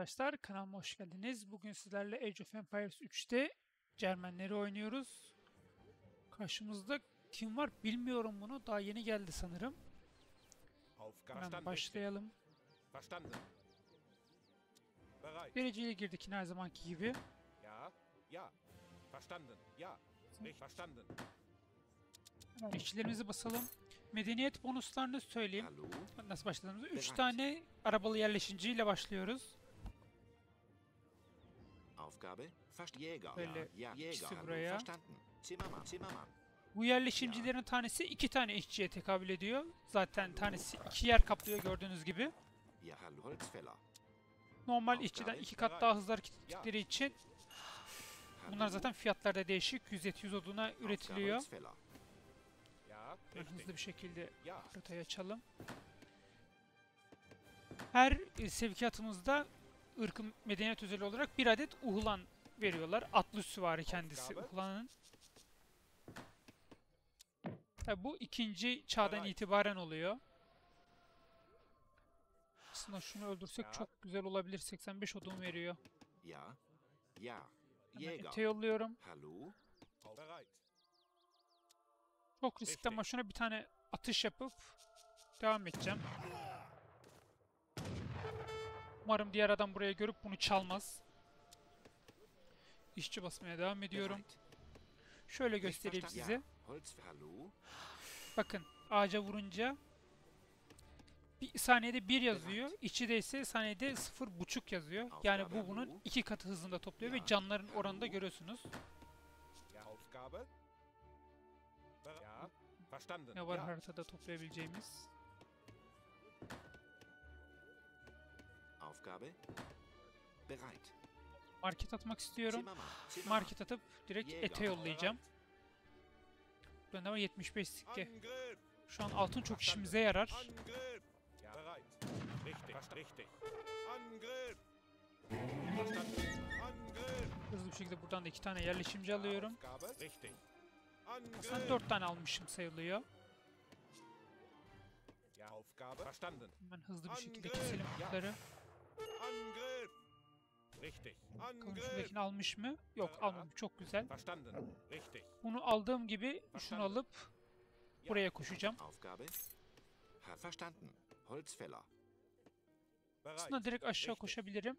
arkadaşlar. Kanalıma hoş geldiniz. Bugün sizlerle Age of Empires 3'te Cermenleri oynuyoruz. Karşımızda kim var bilmiyorum bunu. Daha yeni geldi sanırım. Hemen başlayalım. Dereceli girdik yine her zamanki gibi. Ya, ya. Verstanden. Ya. verstanden. Hemen işçilerimizi basalım. Medeniyet bonuslarını söyleyeyim. Nasıl başladığımızı. 3 tane arabalı yerleşinciyle başlıyoruz. Aufgabe. Fast Jäger. Böyle ja, Jäger. buraya. Verstanden. Zimmermann. Zimmermann. Bu yerleşimcilerin tanesi iki tane işçiye tekabül ediyor. Zaten tanesi iki yer kaplıyor gördüğünüz gibi. Normal işçiden iki kat daha hızlı hareket ettikleri için bunlar zaten fiyatlarda değişik. 100-700 oduna üretiliyor. Ben hızlı bir şekilde rotayı açalım. Her sevkiyatımızda ırkı medeniyet özel olarak bir adet Uhlan veriyorlar. Atlı süvari kendisi Uhlan'ın. Tabi bu ikinci çağdan itibaren oluyor. Aslında şunu öldürsek çok güzel olabilir. 85 odun veriyor. Ya. Ya. Ete yolluyorum. Çok riskli ama şuna bir tane atış yapıp devam edeceğim. Umarım diğer adam buraya görüp bunu çalmaz. İşçi basmaya devam ediyorum. Şöyle göstereyim size. Bakın ağaca vurunca bir saniyede 1 yazıyor. İçi de ise saniyede 0.5 yazıyor. Yani bu bunun iki katı hızında topluyor ve canların oranını görüyorsunuz. Ne var haritada toplayabileceğimiz? Aufgabe bereit. Market atmak istiyorum. Market atıp direkt ete yollayacağım. Ben var? 75 sikke. Şu an altın çok işimize yarar. Hızlı bir şekilde buradan da iki tane yerleşimci alıyorum. Aslında dört tane almışım sayılıyor. Hemen hızlı bir şekilde keselim bunları. Angriff. Richtig. Angriff. almış mı? Yok almamış. Çok güzel. Verstanden. Richtig. Bunu aldığım gibi şunu alıp buraya koşacağım. Aufgabe. Verstanden. Holzfäller. Aslında direkt aşağı koşabilirim.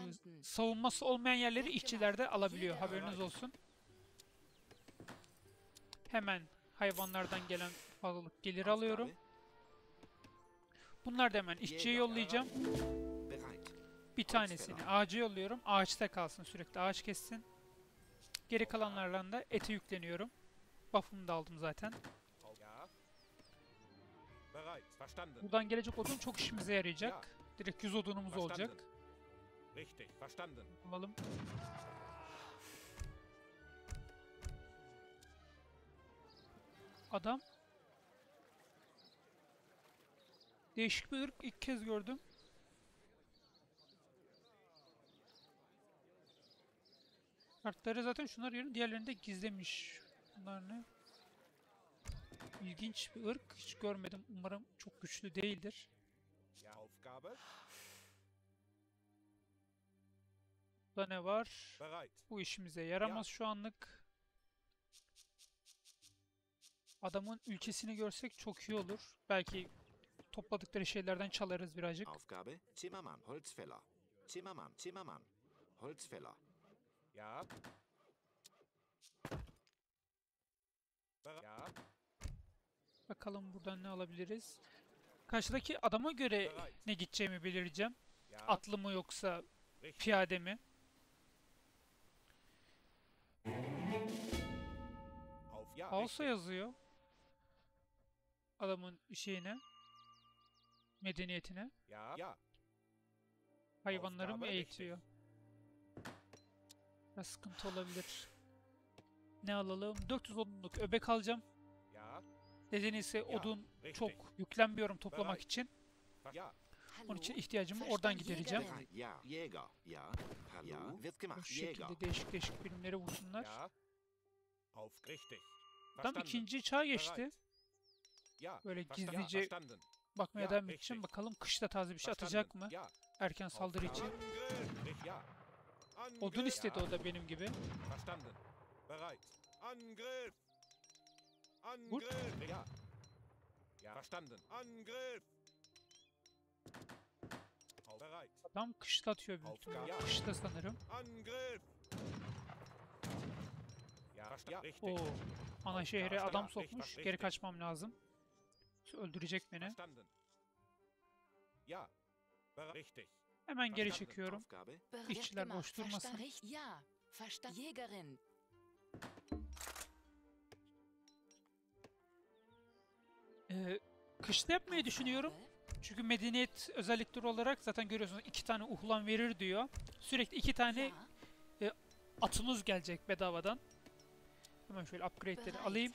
Ee, savunması olmayan yerleri işçilerde alabiliyor. Haberiniz olsun. Hemen hayvanlardan gelen fazlalık gelir alıyorum. Bunlar da hemen işçiye yollayacağım. Bir tanesini ağaca yolluyorum. Ağaçta kalsın sürekli. Ağaç kessin. Geri kalanlarla da ete yükleniyorum. Buff'ımı da aldım zaten. Buradan gelecek odun çok işimize yarayacak. Direkt 100 odunumuz olacak. Richtig, Adam. Değişik bir ırk ilk kez gördüm. Kartları zaten şunlar yerine diğerlerinde gizlemiş. Bunlar ne? İlginç bir ırk. Hiç görmedim. Umarım çok güçlü değildir. da ne var? Bu işimize yaramaz şu anlık. Adamın ülkesini görsek çok iyi olur. Belki topladıkları şeylerden çalarız birazcık. Aufgabe Zimmermann Holzfäller. Zimmermann Zimmermann Holzfäller. Ja. Ja. Bakalım buradan ne alabiliriz. Karşıdaki adama göre ne gideceğimi belirleyeceğim. Atlı mı yoksa piyade mi? Hausa yazıyor. Adamın şeyine. Medeniyetine. Hayvanları mı eğitiyor? Biraz sıkıntı olabilir. Ne alalım? 400 odunluk öbek alacağım. Nedeni ise odun çok yüklenmiyorum toplamak için. Onun için ihtiyacımı oradan gidereceğim. Bu şekilde değişik değişik birimlere vursunlar. Tam ikinci çağ geçti. Böyle gizlice bakmaya devam için Bakalım kışta taze bir şey atacak mı? Erken saldırı için. Odun istedi o da benim gibi. Verstanden. Bereit. Angriff. Angriff. Ja. Ja. Verstanden. Angriff. Bereit. Adam kışlatıyor büyük ihtimalle. Kışta sanırım. Angriff. Ja. Oo. Ana şehre adam sokmuş. Geri kaçmam lazım. Öldürecek beni. Verstanden. Ja. Richtig. Hemen geri çekiyorum. İşçiler boş durmasın. Ja, verstanden. Jägerin. Ee, kışta yapmayı düşünüyorum. Çünkü medeniyet özellikleri olarak zaten görüyorsunuz iki tane uhlan verir diyor. Sürekli iki tane e, atınız gelecek bedavadan. Hemen şöyle upgrade'leri alayım.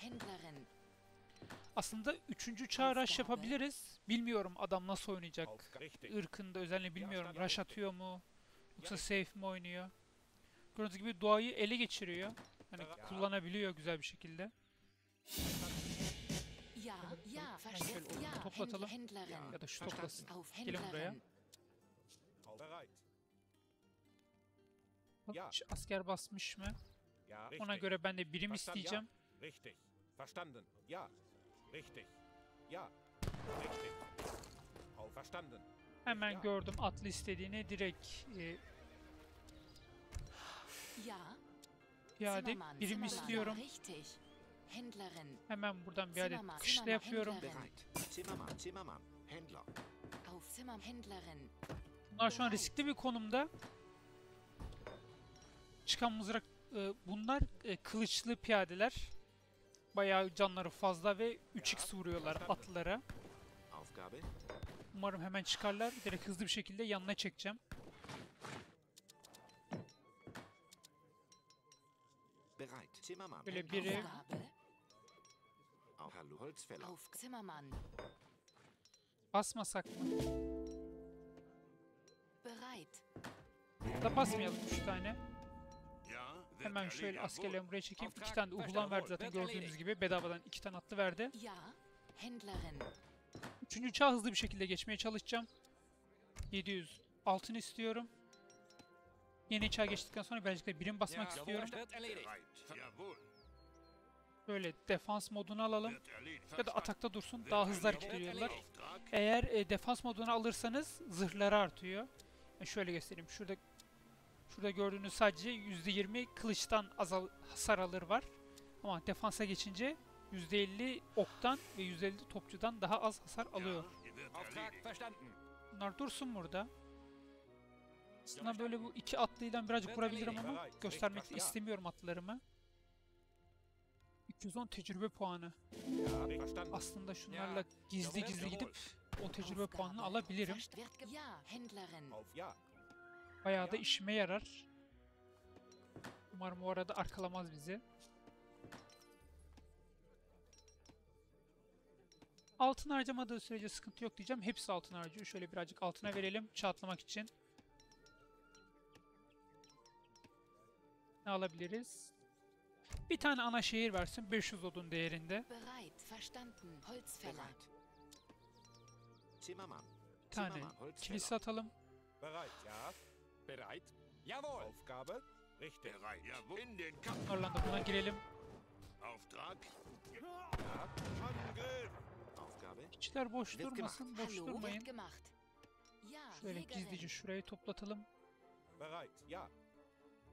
Aslında üçüncü çağ rush yapabiliriz. Bilmiyorum adam nasıl oynayacak. Irkında özellikle bilmiyorum. Rush atıyor mu? Yoksa safe mi oynuyor? Gördüğünüz gibi doğayı ele geçiriyor. Hani kullanabiliyor güzel bir şekilde. Ya, ya, Şöyle toplatalım. Ya da şu toplasın. Gelin buraya. Bak, asker basmış mı? Ona göre ben de birim isteyeceğim. Verstanden. Ja, Richtig. Ja. Richtig. Auferstanden. Hemen ja. gördüm atlı istediğini direkt e, ja. Piyade birim istiyorum. Richtig. Händlerin. Hemen buradan bir adet kışla yapıyorum. Zimmermann, Zimmermann, Händler. Auf Zimmermann, Händlerin. Bunlar şu an riskli bir konumda. Çıkan mızrak e, bunlar e, kılıçlı piyadeler bayağı canları fazla ve 3x vuruyorlar atlara. Umarım hemen çıkarlar. Direkt hızlı bir şekilde yanına çekeceğim. Böyle biri... Basmasak mı? Da basmayalım 3 tane. Hemen şöyle askerlerimi buraya çekeyim. İki tane de uhulan verdi zaten gördüğünüz gibi. Bedavadan iki tane attı verdi. Üçüncü çağ hızlı bir şekilde geçmeye çalışacağım. 700 altın istiyorum. Yeni çağ geçtikten sonra Belçika'ya birim basmak istiyorum. Böyle defans modunu alalım. Ya da atakta dursun. Daha hızlı hareket ediyorlar. Eğer e, defans modunu alırsanız zırhları artıyor. E, şöyle göstereyim. Şurada Şurada gördüğünüz sadece %20 kılıçtan azal hasar alır var. Ama defansa geçince %50 oktan ve %50 topçudan daha az hasar alıyor. Bunlar dursun burada. Aslında böyle bu iki atlıyla birazcık vurabilirim ama göstermek istemiyorum atlarımı. 210 tecrübe puanı. Aslında şunlarla gizli gizli gidip o tecrübe puanını alabilirim. Bayağı da işime yarar. Umarım o arada arkalamaz bizi. Altın harcamadığı sürece sıkıntı yok diyeceğim. Hepsi altın harcıyor. Şöyle birazcık altına verelim çatlamak için. Ne alabiliriz? Bir tane ana şehir versin 500 odun değerinde. Bir tane kilise atalım. Bereit? Jawohl. Aufgabe? Richtig. Bereit. Jawohl. In den Kampf. Orlando buna girelim. Auftrag? Ja. Angriff. Aufgabe? İçler boş durmasın, boş durmayın. Şöyle gizlice şurayı toplatalım. Bereit. Ja.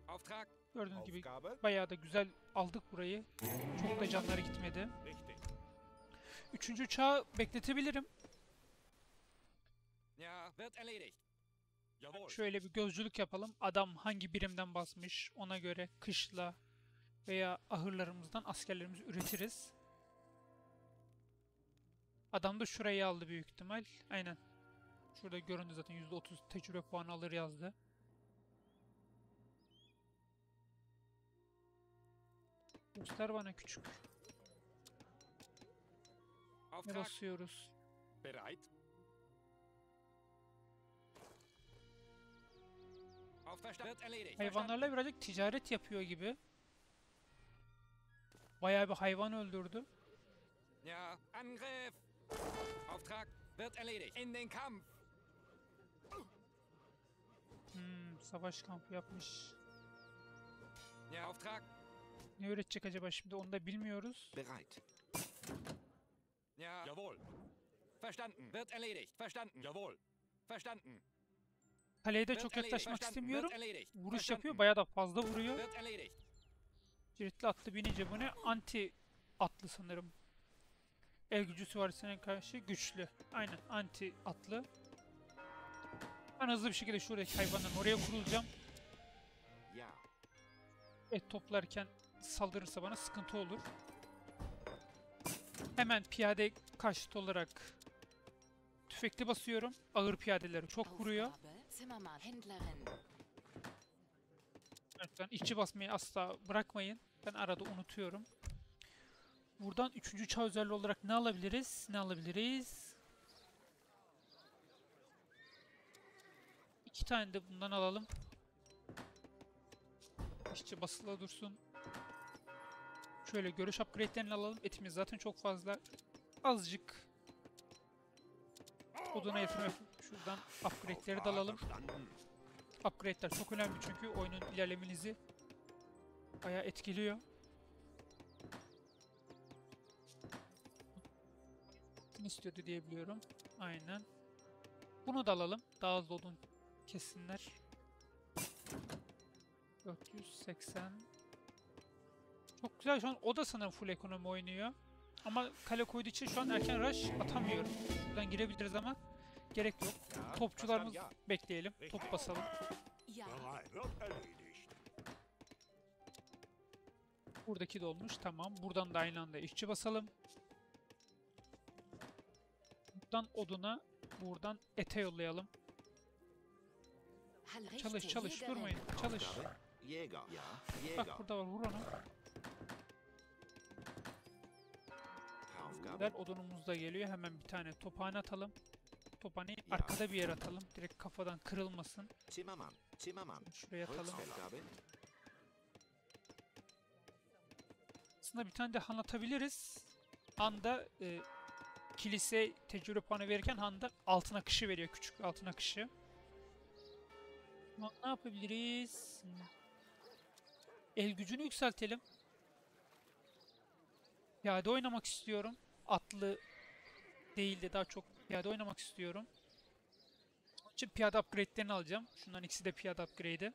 Auftrag? Gördüğünüz gibi bayağı da güzel aldık burayı. Çok da canları gitmedi. Üçüncü uçağı bekletebilirim. Ja, wird erledigt. Şöyle bir gözcülük yapalım. Adam hangi birimden basmış ona göre kışla veya ahırlarımızdan askerlerimizi üretiriz. Adam da şurayı aldı büyük ihtimal. Aynen. Şurada göründü zaten %30 tecrübe puanı alır yazdı. Göster bana küçük. Ne basıyoruz? Bereit. Hayvanlarla birazcık ticaret yapıyor gibi. Bayağı bir hayvan öldürdü. Ja, Angriff. Auftrag wird erledigt. In den Kampf. Hmm, savaş kampı yapmış. Ja, Auftrag. Ne üretecek acaba şimdi onu da bilmiyoruz. Bereit. Ja. Jawohl. Verstanden. Wird erledigt. Verstanden. Jawohl. Verstanden. Kaleye de çok yaklaşmak istemiyorum. Vuruş yapıyor. Bayağı da fazla vuruyor. Ciritli atlı binince bu ne? Anti atlı sanırım. El gücü süvarisine karşı güçlü. Aynen anti atlı. Ben hızlı bir şekilde şuradaki hayvandan oraya kurulacağım. Et toplarken saldırırsa bana sıkıntı olur. Hemen piyade karşıt olarak tüfekli basıyorum. Ağır piyadeleri çok vuruyor. Zimmermann, Händlerin. Lütfen işçi basmayı asla bırakmayın. Ben arada unutuyorum. Buradan üçüncü çağ özelliği olarak ne alabiliriz? Ne alabiliriz? İki tane de bundan alalım. İşçi basılı dursun. Şöyle görüş upgrade'lerini alalım. Etimiz zaten çok fazla. Azıcık odana yatırım yapalım. Şuradan upgrade'leri de alalım. Upgrade'ler çok önemli çünkü oyunun ilerlemenizi bayağı etkiliyor. istiyordu diyebiliyorum. Aynen. Bunu da alalım. Daha hızlı odun kesinler. 480. Çok güzel şu an o da sanırım full ekonomi oynuyor. Ama kale koyduğu için şu an erken rush atamıyorum. Buradan girebiliriz ama gerek yok. Topçularımız bekleyelim. Top basalım. Şey Buradaki dolmuş. Tamam. Buradan da aynı anda işçi basalım. Buradan oduna, buradan ete yollayalım. Çalış çalış durmayın. Çalış. Bak burada var. Vur onu. Güzel odunumuz da geliyor. Hemen bir tane tophane atalım top hani arkada bir yer atalım. Direkt kafadan kırılmasın. Zimmermann, Zimmermann. Şuraya atalım. Aslında bir tane de han atabiliriz. Han'da e, kilise tecrübe puanı verirken Han'da altın akışı veriyor. Küçük altın akışı. Ne yapabiliriz? El gücünü yükseltelim. Ya Piyade oynamak istiyorum. Atlı değildi, daha çok Piyade oynamak istiyorum. Onun için piyade upgrade'lerini alacağım. Şundan ikisi de piyade upgrade'i.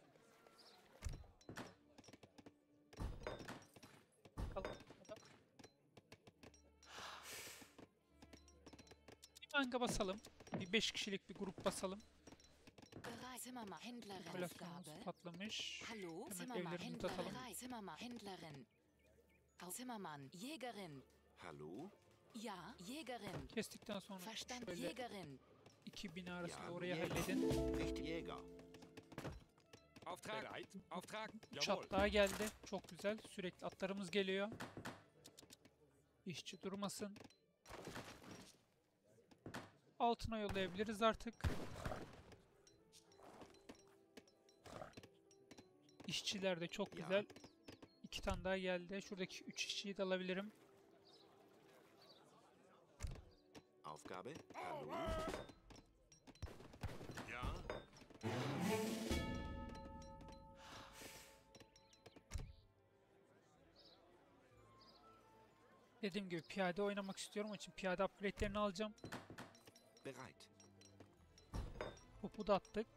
Manga basalım. Bir 5 kişilik bir grup basalım. Simmermann patlamış. Hallo, Zimmermann, Zimmermann, Händlerin. Jägerin. Hallo, ya, Jägerin. Kestikten sonra Verstand şöyle Jägerin. iki bina arasında Ja, orayı halledin. Richtig Jäger. Auftrag. Bereit. Auftrag. Jawohl. Çatlağa geldi. Çok güzel. Sürekli atlarımız geliyor. İşçi durmasın. Altına yollayabiliriz artık. İşçiler de çok Ya. güzel. İki tane daha geldi. Şuradaki üç işçiyi de alabilirim. Aufgabe? Hallo? Ja? Dediğim gibi piyade oynamak istiyorum. Onun için piyade upgrade'lerini alacağım. Bereit. Topu da attık.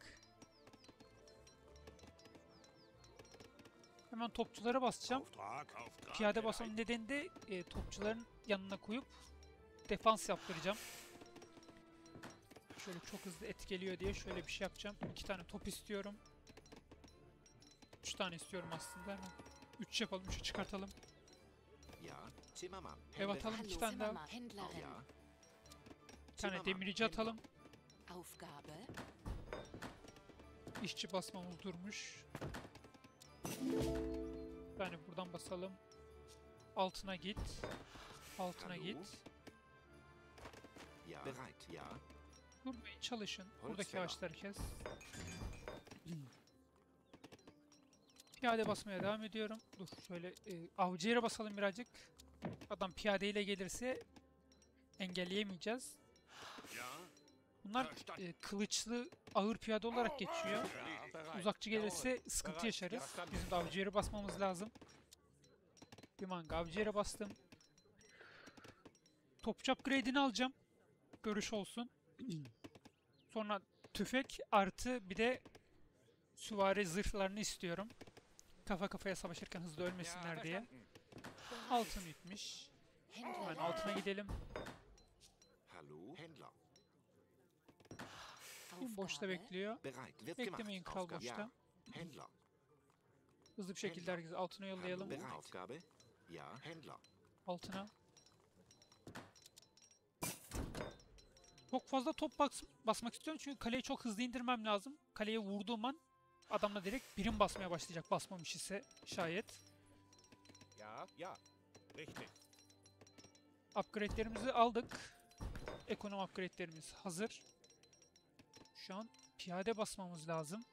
Hemen topçulara basacağım. Piyade basanın nedeni de e, topçuların yanına koyup defans yaptıracağım. Şöyle çok hızlı et geliyor diye şöyle bir şey yapacağım. İki tane top istiyorum. Üç tane istiyorum aslında. Üç yapalım, şu çıkartalım. Ev atalım iki tane daha. Ya. Bir tane demirci atalım. Aufgabe. İşçi basmamız durmuş. Yani buradan basalım. Altına git. Altına git. Bereit. Ya. Durmayın çalışın. Buradaki ağaçları kes. Piyade basmaya devam ediyorum. Dur şöyle e, avcı yere basalım birazcık. Adam piyadeyle gelirse engelleyemeyeceğiz. Bunlar e, kılıçlı ağır piyade olarak geçiyor. Uzakçı gelirse sıkıntı yaşarız. Bizim de avcı yere basmamız lazım. Bir manga avcı yere bastım. Topçu upgrade'ini alacağım. Görüş olsun. Sonra tüfek artı bir de süvari zırhlarını istiyorum. Kafa kafaya savaşırken hızlı ölmesinler diye. Altın bitmiş. Hemen altına gidelim. boşta bekliyor? Beklemeyin kral boşta. Hızlı bir şekilde herkese altına yollayalım. Altına. Çok fazla top bas basmak istiyorum çünkü kaleyi çok hızlı indirmem lazım. Kaleye vurduğum an adamla direkt birim basmaya başlayacak basmamış ise şayet. Ya, ya. Richtig. Upgrade'lerimizi aldık. Ekonom upgrade'lerimiz hazır. Şu an piyade basmamız lazım.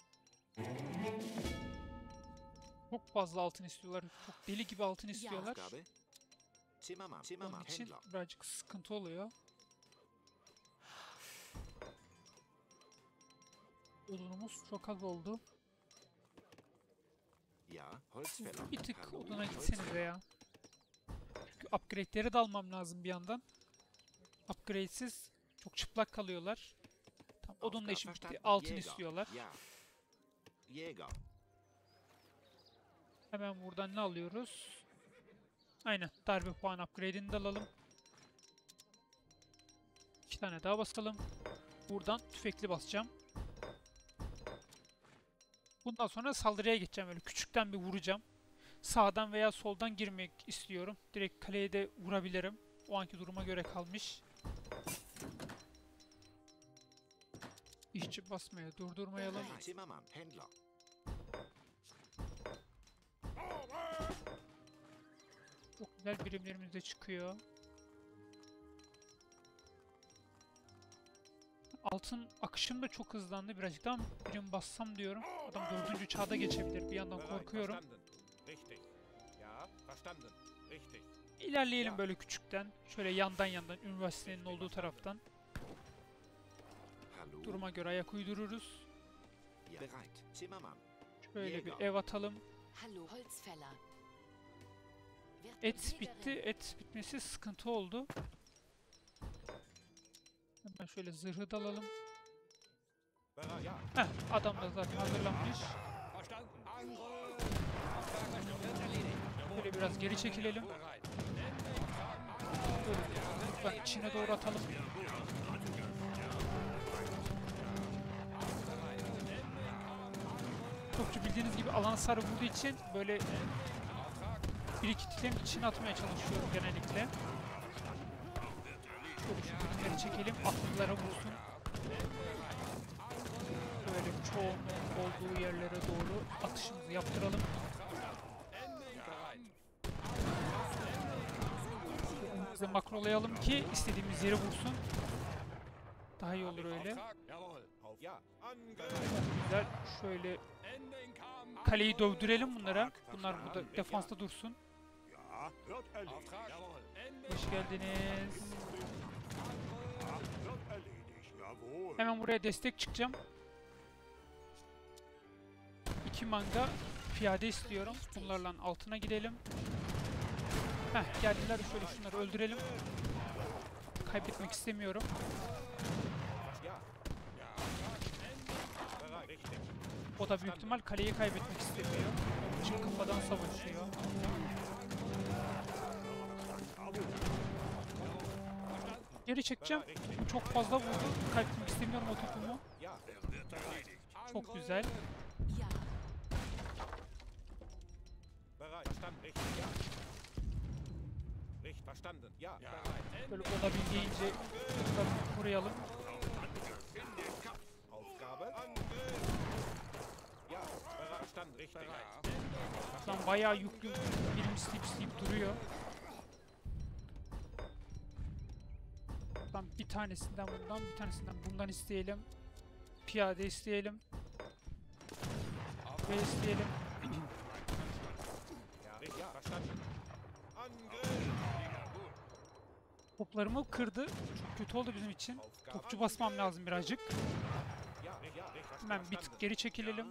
Çok fazla altın istiyorlar. Çok deli gibi altın istiyorlar. Bunun için birazcık sıkıntı oluyor. odunumuz çok az oldu. Ya, Bir tık oduna gitseniz ya. Çünkü upgrade'leri de almam lazım bir yandan. Upgrade'siz çok çıplak kalıyorlar. Tam odunla işim bitti. Altın istiyorlar. Hemen buradan ne alıyoruz? Aynen. Darbe puan upgrade'ini de alalım. İki tane daha basalım. Buradan tüfekli basacağım. Bundan sonra saldırıya geçeceğim. Öyle küçükten bir vuracağım. Sağdan veya soldan girmek istiyorum. Direkt kaleye de vurabilirim. O anki duruma göre kalmış. İşçi basmaya durdurmayalım. Çok güzel birimlerimiz de çıkıyor. altın akışım da çok hızlandı. Birazcık daha cam bassam diyorum. Adam dördüncü çağda geçebilir. Bir yandan korkuyorum. İlerleyelim böyle küçükten. Şöyle yandan yandan üniversitenin olduğu taraftan. Duruma göre ayak uydururuz. Şöyle bir ev atalım. Et bitti. Et bitmesi sıkıntı oldu. Ben şöyle zırhı da alalım. Heh, adam da zaten hazırlanmış. Böyle biraz geri çekilelim. Böyle ben içine doğru atalım. Topçu bildiğiniz gibi alan sarı vurduğu için böyle bir iki titem içine atmaya çalışıyorum genellikle. Süpürleri çekelim. Atlılara vursun. Böyle çoğun olduğu yerlere doğru atışımızı yaptıralım. Bizi makrolayalım ki istediğimiz yere vursun. Daha iyi olur öyle. Güzel. Şöyle kaleyi dövdürelim bunlara. Bunlar burada defansta dursun. Hoş geldiniz. Hemen buraya destek çıkacağım. İki manga piyade istiyorum. Bunlarla altına gidelim. Heh geldiler şöyle şunları öldürelim. Kaybetmek istemiyorum. O da büyük ihtimal kaleyi kaybetmek istemiyor. Onun kafadan savaşıyor geri çekeceğim. Çok fazla vurdu. Kaybetmek istemiyorum o topumu. Çok güzel. Böyle olabildiğince koruyalım. Lan bayağı yüklü bir slip slip duruyor. bir tanesinden bundan, bir tanesinden bundan isteyelim. Piyade isteyelim. Ve isteyelim. Toplarımı kırdı. Çok kötü oldu bizim için. Topçu basmam lazım birazcık. Hemen bir tık geri çekilelim.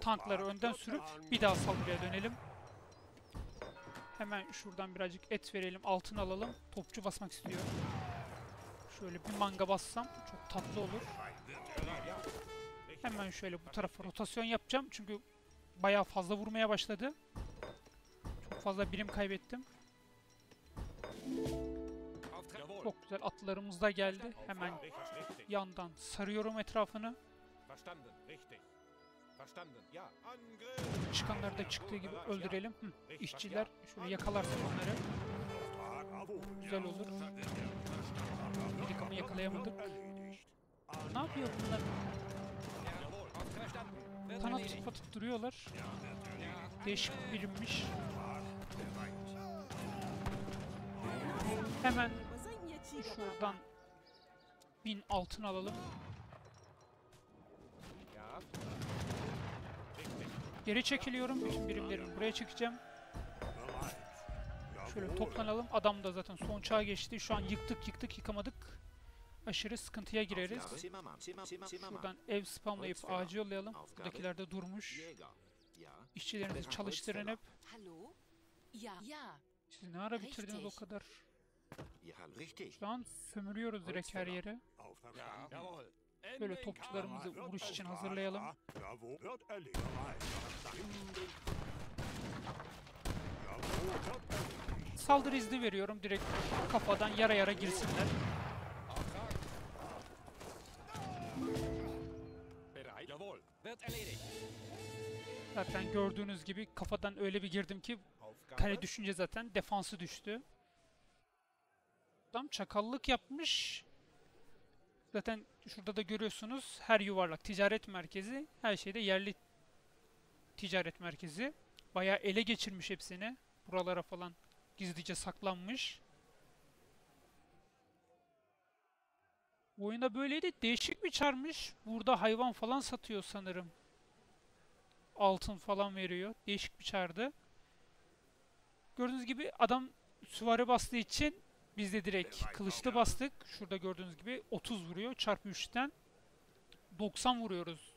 Tankları önden sürüp bir daha saldırıya dönelim. Hemen şuradan birazcık et verelim, altın alalım. Topçu basmak istiyor. Şöyle bir manga bassam çok tatlı olur. Hemen şöyle bu tarafa rotasyon yapacağım. Çünkü bayağı fazla vurmaya başladı. Çok fazla birim kaybettim. Çok güzel atlarımız da geldi. Hemen yandan sarıyorum etrafını. Çıkanları da çıktığı gibi öldürelim. Hı, işçiler şöyle yakalarsın onları. Güzel olur. Birikamı yakalayamadık. Ne yapıyor bunlar? Kanat tıp atıp duruyorlar. Değişik birimmiş. Hemen şuradan bin altın alalım. Geri çekiliyorum bütün birimlerimi buraya çekeceğim. Şöyle toplanalım. Adam da zaten son çağa geçti. Şu an yıktık yıktık yıkamadık. Aşırı sıkıntıya gireriz. Şuradan ev spamlayıp ağacı yollayalım. Buradakiler de durmuş. İşçilerimizi çalıştırın hep. Siz ne ara bitirdiniz o kadar? Şu an sömürüyoruz direkt her yere. Böyle topçularımızı vuruş için hazırlayalım. Saldırı izni veriyorum. Direkt kafadan yara yara girsinler. Zaten gördüğünüz gibi kafadan öyle bir girdim ki kale düşünce zaten defansı düştü. Adam çakallık yapmış. Zaten şurada da görüyorsunuz her yuvarlak ticaret merkezi, her şeyde yerli ticaret merkezi. Bayağı ele geçirmiş hepsini buralara falan gizlice saklanmış. Oyunda böyleydi. Değişik bir çarmış. Burada hayvan falan satıyor sanırım. Altın falan veriyor. Değişik bir çardı. Gördüğünüz gibi adam süvari bastığı için biz de direkt kılıçlı bastık. Şurada gördüğünüz gibi 30 vuruyor. Çarpı 3'ten 90 vuruyoruz.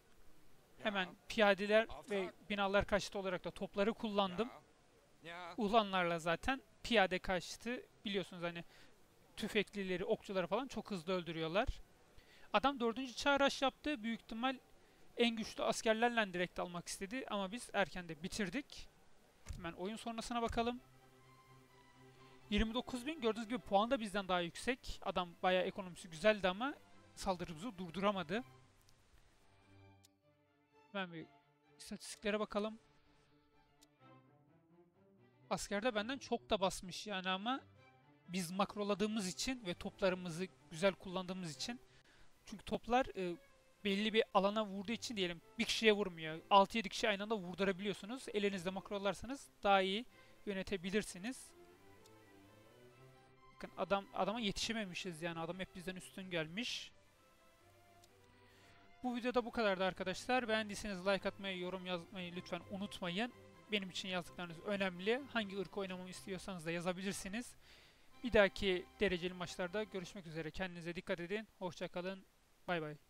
Hemen piyadeler ve binalar kaçtı olarak da topları kullandım. Ulanlarla zaten piyade karşıtı biliyorsunuz hani tüfeklileri, okçuları falan çok hızlı öldürüyorlar. Adam 4. çağraş yaptı. Büyük ihtimal en güçlü askerlerle direkt almak istedi ama biz erken de bitirdik. Hemen oyun sonrasına bakalım. 29.000 gördüğünüz gibi puan da bizden daha yüksek. Adam bayağı ekonomisi güzeldi ama saldırımızı durduramadı. Hemen bir istatistiklere bakalım. Askerde benden çok da basmış yani ama biz makroladığımız için ve toplarımızı güzel kullandığımız için çünkü toplar e, belli bir alana vurduğu için diyelim bir kişiye vurmuyor. 6-7 kişi aynı anda vurdurabiliyorsunuz. Elinizde makrolarsanız daha iyi yönetebilirsiniz. Bakın adam adama yetişememişiz yani. Adam hep bizden üstün gelmiş. Bu videoda bu kadardı arkadaşlar. Beğendiyseniz like atmayı, yorum yazmayı lütfen unutmayın. Benim için yazdıklarınız önemli. Hangi ırkı oynamamı istiyorsanız da yazabilirsiniz. Bir dahaki dereceli maçlarda görüşmek üzere. Kendinize dikkat edin. Hoşçakalın. Bay bay.